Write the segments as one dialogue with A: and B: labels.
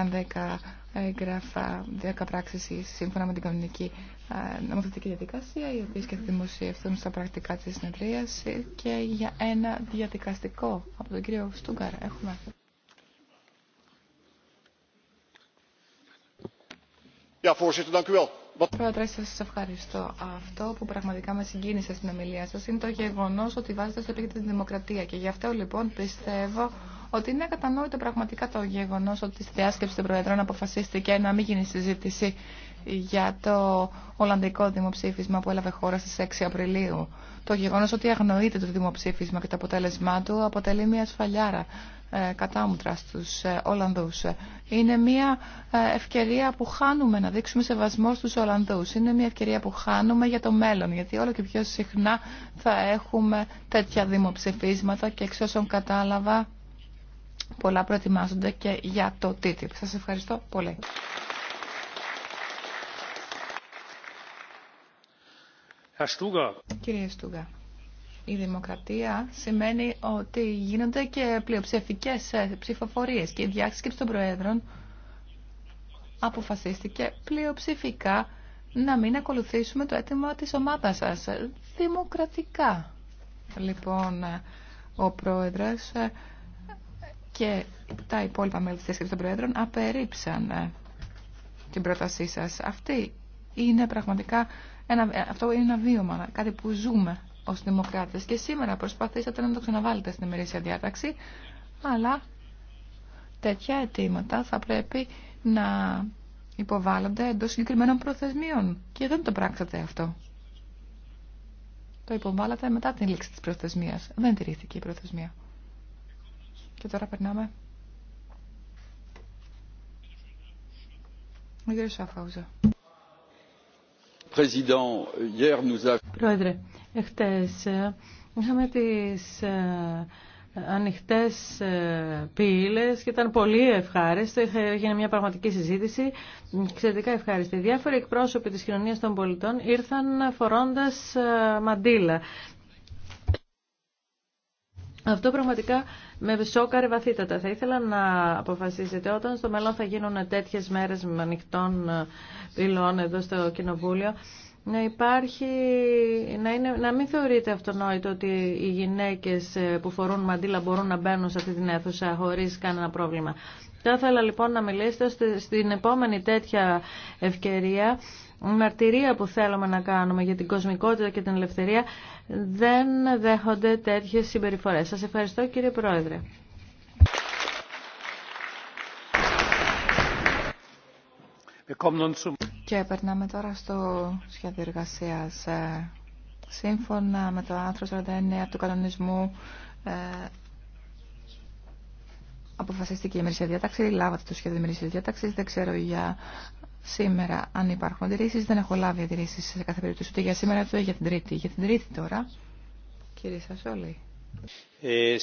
A: εγκρίθηκαν 10 έγγραφα, 10 πράξει σύμφωνα με την κανονική ε, νομοθετική διαδικασία, οι οποίε και θα δημοσιευθούν στα πρακτικά τη συνεδρία και για ένα διαδικαστικό από τον κύριο Στούγκαρ. Έχουμε.
B: Ja, voorzitter, dank u wel.
A: Πρόεδρε, σα ευχαριστώ. Αυτό που πραγματικά με συγκίνησε στην ομιλία σα είναι το γεγονό ότι βάζετε στο επίκεντρο τη δημοκρατία. Και γι' αυτό λοιπόν πιστεύω ότι είναι κατανόητο πραγματικά το γεγονό ότι στη διάσκεψη των Προεδρών αποφασίστηκε να μην γίνει συζήτηση για το Ολλανδικό δημοψήφισμα που έλαβε χώρα στι 6 Απριλίου. Το γεγονό ότι αγνοείται το δημοψήφισμα και το αποτέλεσμά του αποτελεί μια σφαλιάρα ε, κατάμουτρα στους ε, Ολλανδούς. Είναι μια ε, ευκαιρία που χάνουμε να δείξουμε σεβασμό στους Ολλανδούς. Είναι μια ευκαιρία που χάνουμε για το μέλλον, γιατί όλο και πιο συχνά θα έχουμε τέτοια δημοψηφίσματα και εξ όσων κατάλαβα πολλά προετοιμάζονται και για το TTIP. Σας ευχαριστώ πολύ. Κύριε Στούγα. Η δημοκρατία σημαίνει ότι γίνονται και πλειοψηφικέ ε, ψηφοφορίες και η διάσκεψη των Προέδρων αποφασίστηκε πλειοψηφικά να μην ακολουθήσουμε το αίτημα της ομάδας σας. Δημοκρατικά. Λοιπόν, ε, ο Πρόεδρος ε, και τα υπόλοιπα μέλη της Διάσκεψης των Προέδρων απερίψαν την πρότασή σας. Αυτή είναι πραγματικά ένα, αυτό είναι ένα βίωμα, κάτι που ζούμε ω δημοκράτε. και σήμερα προσπαθήσατε να το ξαναβάλετε στην ημερήσια διάταξη, αλλά τέτοια αιτήματα θα πρέπει να υποβάλλονται εντό συγκεκριμένων προθεσμίων και δεν το πράξατε αυτό. Το υποβάλλατε μετά την λήξη τη προθεσμία. Δεν τηρήθηκε η προθεσμία. Και τώρα περνάμε.
B: Ο Πρόεδρε, εχθές ε, είχαμε τις ε, ανοιχτές ε, πύλες και ήταν πολύ ευχάριστο. Έγινε μια πραγματική συζήτηση, εξαιρετικά ευχάριστη. Διάφοροι εκπρόσωποι της κοινωνίας των πολιτών ήρθαν φορώντας μαντήλα. Αυτό πραγματικά με σόκαρε βαθύτατα. Θα ήθελα να αποφασίσετε όταν στο μέλλον θα γίνουν τέτοιε μέρες με ανοιχτών ε, πυλών εδώ στο Κοινοβούλιο να υπάρχει, να, είναι, να μην θεωρείται αυτονόητο ότι οι γυναίκες ε, που φορούν μαντήλα μπορούν να μπαίνουν σε αυτή την αίθουσα χωρίς κανένα πρόβλημα. Θα ήθελα λοιπόν να μιλήσετε στην επόμενη τέτοια ευκαιρία μαρτυρία που θέλουμε να κάνουμε για την κοσμικότητα και την ελευθερία δεν δέχονται τέτοιες συμπεριφορές. Σας ευχαριστώ κύριε Πρόεδρε.
A: Και περνάμε τώρα στο σχέδιο εργασία. Ε, σύμφωνα με το άρθρο 49 του κανονισμού ε, αποφασίστηκε η ημερήσια διάταξη, λάβατε το σχέδιο ημερήσια διάταξη, δεν ξέρω για σήμερα, αν υπάρχουν αντιρρήσει. Δεν έχω λάβει αντιρρήσει σε κάθε περίπτωση ούτε για σήμερα, ούτε για την Τρίτη. Για την Τρίτη τώρα, κύριε Σασόλη.
C: Ε,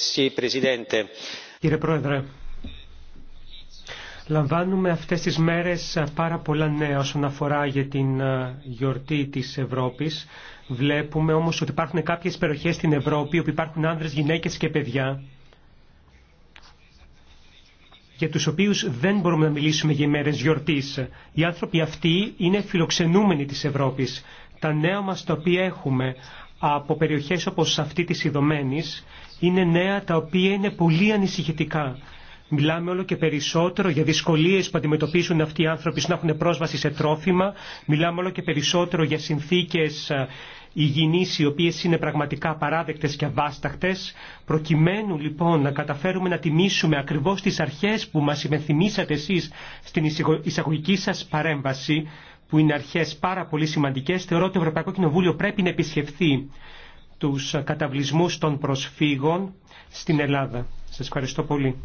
C: κύριε Πρόεδρε, λαμβάνουμε αυτές τις μέρες πάρα πολλά νέα όσον αφορά για την ε, γιορτή της Ευρώπης. Βλέπουμε όμως ότι υπάρχουν κάποιες περιοχές στην Ευρώπη όπου υπάρχουν άνδρες, γυναίκες και παιδιά για τους οποίους δεν μπορούμε να μιλήσουμε για μέρες γιορτής. Οι άνθρωποι αυτοί είναι φιλοξενούμενοι της Ευρώπης. Τα νέα μας τα οποία έχουμε από περιοχές όπως αυτή της Ιδωμένης είναι νέα τα οποία είναι πολύ ανησυχητικά. Μιλάμε όλο και περισσότερο για δυσκολίε που αντιμετωπίζουν αυτοί οι άνθρωποι να έχουν πρόσβαση σε τρόφιμα. Μιλάμε όλο και περισσότερο για συνθήκε υγιεινείς οι οποίες είναι πραγματικά παράδεκτες και αβάσταχτες. Προκειμένου λοιπόν να καταφέρουμε να τιμήσουμε ακριβώς τις αρχές που μας υπενθυμίσατε εσείς στην εισαγωγική σας παρέμβαση, που είναι αρχές πάρα πολύ σημαντικές, θεωρώ ότι το Ευρωπαϊκό Κοινοβούλιο πρέπει να επισκεφθεί τους καταβλισμούς των προσφύγων στην Ελλάδα. Σας ευχαριστώ πολύ.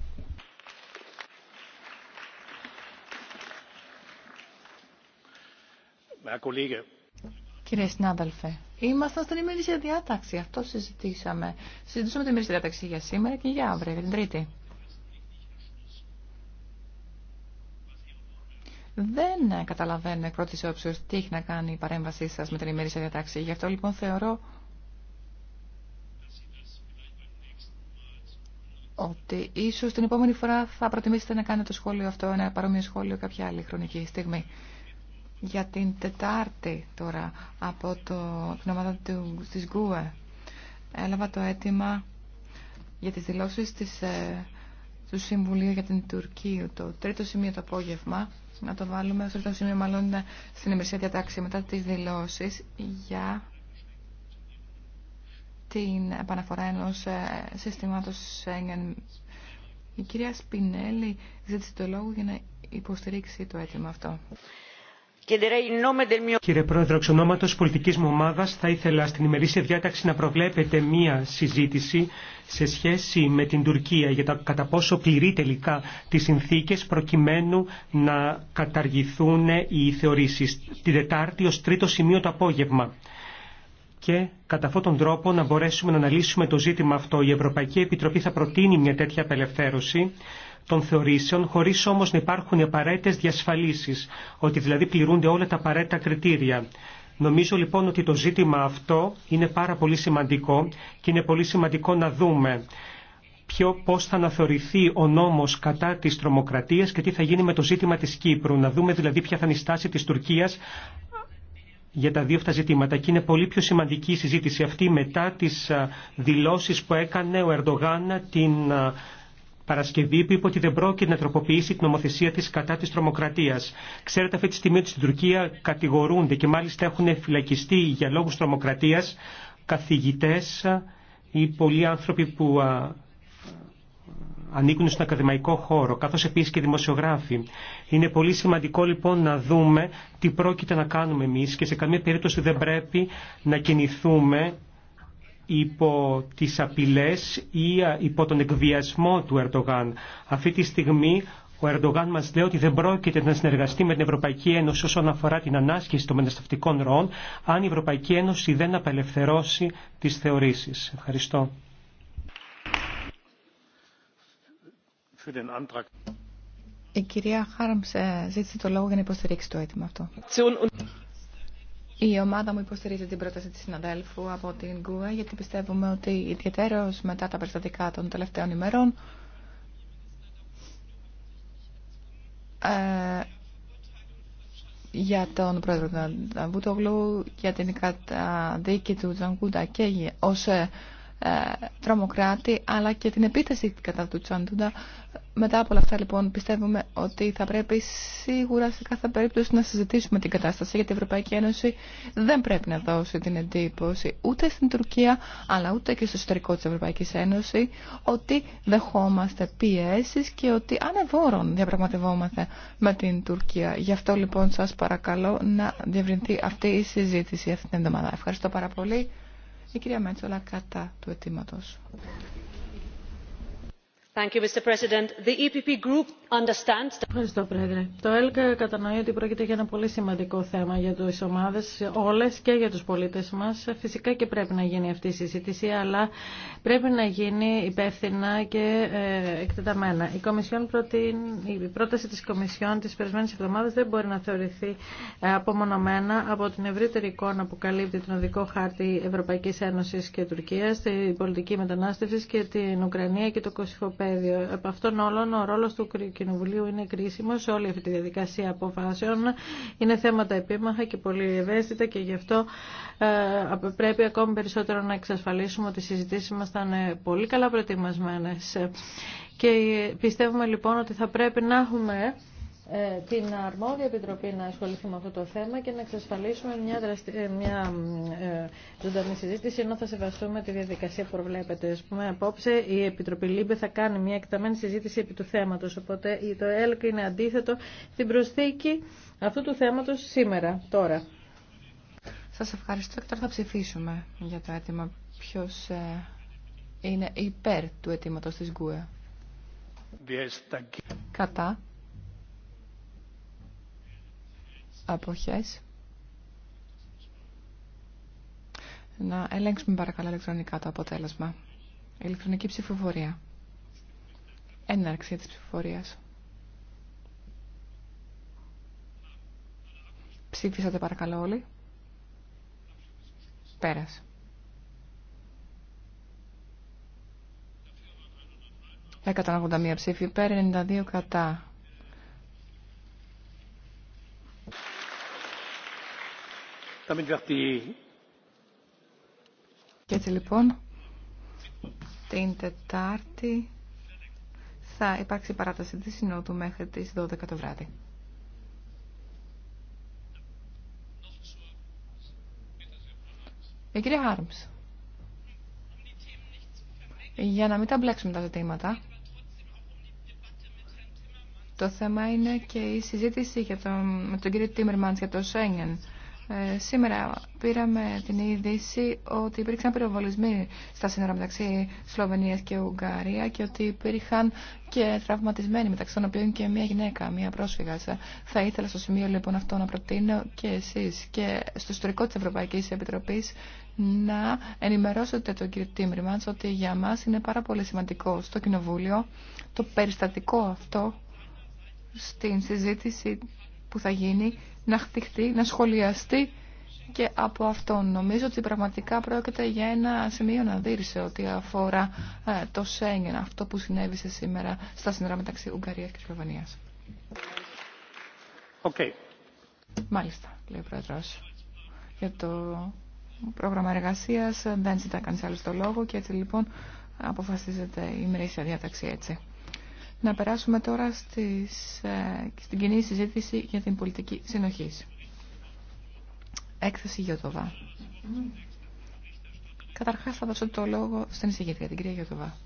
A: Κύριε συνάδελφε, Ήμασταν στην ημερήσια διάταξη. Αυτό συζητήσαμε. Συζητήσαμε την ημερήσια διάταξη για σήμερα και για αύριο, για την Τρίτη. Δεν καταλαβαίνω εκ πρώτη όψεω τι έχει να κάνει η παρέμβασή σα με την ημερήσια διατάξη. Γι' αυτό λοιπόν θεωρώ ότι ίσω την επόμενη φορά θα προτιμήσετε να κάνετε το σχόλιο αυτό, ένα παρόμοιο σχόλιο κάποια άλλη χρονική στιγμή για την Τετάρτη τώρα από το, την του, της ΓΚΟΕ. Έλαβα το αίτημα για τις δηλώσεις της, ε, του Συμβουλίου για την Τουρκία το τρίτο σημείο το απόγευμα να το βάλουμε στο τρίτο σημείο μάλλον στην ημερησία διατάξη μετά τις δηλώσεις για την επαναφορά ενός ε, συστήματος Σέγγεν. Η κυρία Σπινέλη ζήτησε το λόγο για να υποστηρίξει το αίτημα αυτό.
C: Κύριε Πρόεδρε, εξ ονόματο πολιτική μου ομάδα, θα ήθελα στην ημερήσια διάταξη να προβλέπετε μία συζήτηση σε σχέση με την Τουρκία για τα κατά πόσο πληρεί τελικά τι συνθήκε προκειμένου να καταργηθούν οι θεωρήσει την Δετάρτη ω τρίτο σημείο το απόγευμα. Και κατά αυτόν τον τρόπο να μπορέσουμε να αναλύσουμε το ζήτημα αυτό. Η Ευρωπαϊκή Επιτροπή θα προτείνει μια τέτοια απελευθέρωση των θεωρήσεων, χωρί όμω να υπάρχουν οι απαραίτητε διασφαλίσει, ότι δηλαδή πληρούνται όλα τα απαραίτητα κριτήρια. Νομίζω λοιπόν ότι το ζήτημα αυτό είναι πάρα πολύ σημαντικό και είναι πολύ σημαντικό να δούμε ποιο, πώς θα αναθεωρηθεί ο νόμος κατά της τρομοκρατίας και τι θα γίνει με το ζήτημα της Κύπρου. Να δούμε δηλαδή ποια θα είναι η στάση της Τουρκίας για τα δύο αυτά ζητήματα και είναι πολύ πιο σημαντική η συζήτηση αυτή μετά τις δηλώσεις που έκανε ο Ερντογάν την Παρασκευή που είπε ότι δεν πρόκειται να τροποποιήσει την νομοθεσία τη κατά τη τρομοκρατία. Ξέρετε, αυτή τη στιγμή ότι στην Τουρκία κατηγορούνται και μάλιστα έχουν φυλακιστεί για λόγου τρομοκρατία καθηγητέ ή πολλοί άνθρωποι που ανήκουν στον ακαδημαϊκό χώρο, καθώς επίσης και δημοσιογράφοι. Είναι πολύ σημαντικό λοιπόν να δούμε τι πρόκειται να κάνουμε εμείς και σε καμία περίπτωση δεν πρέπει να κινηθούμε υπό τις απειλές ή υπό τον εκβιασμό του Ερντογάν. Αυτή τη στιγμή ο Ερντογάν μας λέει ότι δεν πρόκειται να συνεργαστεί με την Ευρωπαϊκή Ένωση όσον αφορά την ανάσχεση των μετασταυτικών ροών, αν η Ευρωπαϊκή Ένωση δεν απελευθερώσει τις θεωρήσεις. Ευχαριστώ. Η
B: κυρία
A: Χάραμς ε, ζήτησε το λόγο για το αίτημα αυτό. Η ομάδα μου υποστηρίζει την πρόταση τη συναδέλφου από την ΚΟΕ γιατί πιστεύουμε ότι ιδιαίτερως μετά τα περιστατικά των τελευταίων ημερών ε, για τον πρόεδρο Βούτογλου, για την καταδίκη του Τζανκούντα και ως ε, ε, τρομοκράτη αλλά και την επίθεση κατά του Τσάντουντα. Μετά από όλα αυτά λοιπόν πιστεύουμε ότι θα πρέπει σίγουρα σε κάθε περίπτωση να συζητήσουμε την κατάσταση γιατί η Ευρωπαϊκή Ένωση δεν πρέπει να δώσει την εντύπωση ούτε στην Τουρκία αλλά ούτε και στο εσωτερικό της Ευρωπαϊκής Ένωση ότι δεχόμαστε πιέσεις και ότι ανεβόρον διαπραγματευόμαστε με την Τουρκία. Γι' αυτό λοιπόν σας παρακαλώ να διευρυνθεί αυτή η συζήτηση αυτή την εβδομάδα. Ευχαριστώ πάρα πολύ. Η κυρία Μέτσολα κατά του αιτήματο.
B: Mr. President. The EPP group understands... Ευχαριστώ, Πρόεδρε. Το ΕΛΚ κατανοεί ότι πρόκειται για ένα πολύ σημαντικό θέμα για τι ομάδε όλε και για του πολίτε μα. Φυσικά και πρέπει να γίνει αυτή η συζήτηση, αλλά πρέπει να γίνει υπεύθυνα και ε, εκτεταμένα. Η, Κομισιόν προτείν... η πρόταση τη Κομισιόν τη περασμένη εβδομάδα δεν μπορεί να θεωρηθεί απομονωμένα από την ευρύτερη εικόνα που καλύπτει τον οδικό χάρτη Ευρωπαϊκή Ένωση και Τουρκία, την πολιτική μετανάστευση και την Ουκρανία και το Κωσυφοπέ σχέδιο. αυτόν όλων ο ρόλος του Κοινοβουλίου είναι κρίσιμο σε όλη αυτή τη διαδικασία αποφάσεων. Είναι θέματα επίμαχα και πολύ ευαίσθητα και γι' αυτό ε, πρέπει ακόμη περισσότερο να εξασφαλίσουμε ότι οι συζητήσεις μας θα είναι πολύ καλά προετοιμασμένες. Και πιστεύουμε λοιπόν ότι θα πρέπει να έχουμε ε, την αρμόδια επιτροπή να ασχοληθεί με αυτό το θέμα και να εξασφαλίσουμε μια, ε, μια ε, ζωντανή συζήτηση ενώ θα σεβαστούμε τη διαδικασία που προβλέπετε. Ας πούμε, απόψε η Επιτροπή Λίμπε θα κάνει μια εκταμένη συζήτηση επί του θέματος, οπότε το ΕΛΚ είναι αντίθετο στην προσθήκη αυτού του θέματος σήμερα, τώρα. Σας
A: ευχαριστώ και τώρα θα ψηφίσουμε για το αίτημα. Ποιος είναι υπέρ του αιτήματος της ΓΚΟΕ. Κατά. αποχές. Να ελέγξουμε παρακαλώ ηλεκτρονικά το αποτέλεσμα. Ηλεκτρονική ψηφοφορία. Έναρξη της ψηφοφορίας. Ψήφισατε παρακαλώ όλοι. Πέρασε. 181 ψήφοι Πέρα 92 κατά. Και έτσι λοιπόν, την Τετάρτη θα υπάρξει παράταση της Συνόδου μέχρι τις 12 το βράδυ. Η ε, κυρία Άρμς, για να μην τα μπλέξουμε τα ζητήματα, το θέμα είναι και η συζήτηση για τον, με τον κύριο Τίμερμαντς για το Σέγγεν. Ε, σήμερα πήραμε την είδηση ότι υπήρξαν πυροβολισμοί στα σύνορα μεταξύ Σλοβενίας και Ουγγαρία και ότι υπήρχαν και τραυματισμένοι μεταξύ των οποίων και μια γυναίκα, μια πρόσφυγα. Θα ήθελα στο σημείο λοιπόν αυτό να προτείνω και εσείς και στο ιστορικό της Ευρωπαϊκής Επιτροπής να ενημερώσετε τον κύριο Τίμριμαντς ότι για μας είναι πάρα πολύ σημαντικό στο Κοινοβούλιο το περιστατικό αυτό στην συζήτηση που θα γίνει να χτυχτεί, να σχολιαστεί και από αυτόν. Νομίζω ότι πραγματικά πρόκειται για ένα σημείο να σε ό,τι αφορά ε, το Σέγγεν, αυτό που συνέβησε σήμερα στα σύνορα μεταξύ Ουγγαρίας και Σλοβενίας. Okay. Μάλιστα, λέει ο Πρόεδρος. Για το πρόγραμμα εργασίας ε, δεν ζητά κανείς άλλο το λόγο και έτσι λοιπόν αποφασίζεται η ημερήσια διάταξη έτσι. Να περάσουμε τώρα στις, ε, στην κοινή συζήτηση για την πολιτική συνοχή. Έκθεση Γιώτοβα. Καταρχάς θα δώσω το λόγο στην εισηγήτρια, την κυρία Γιώτοβα.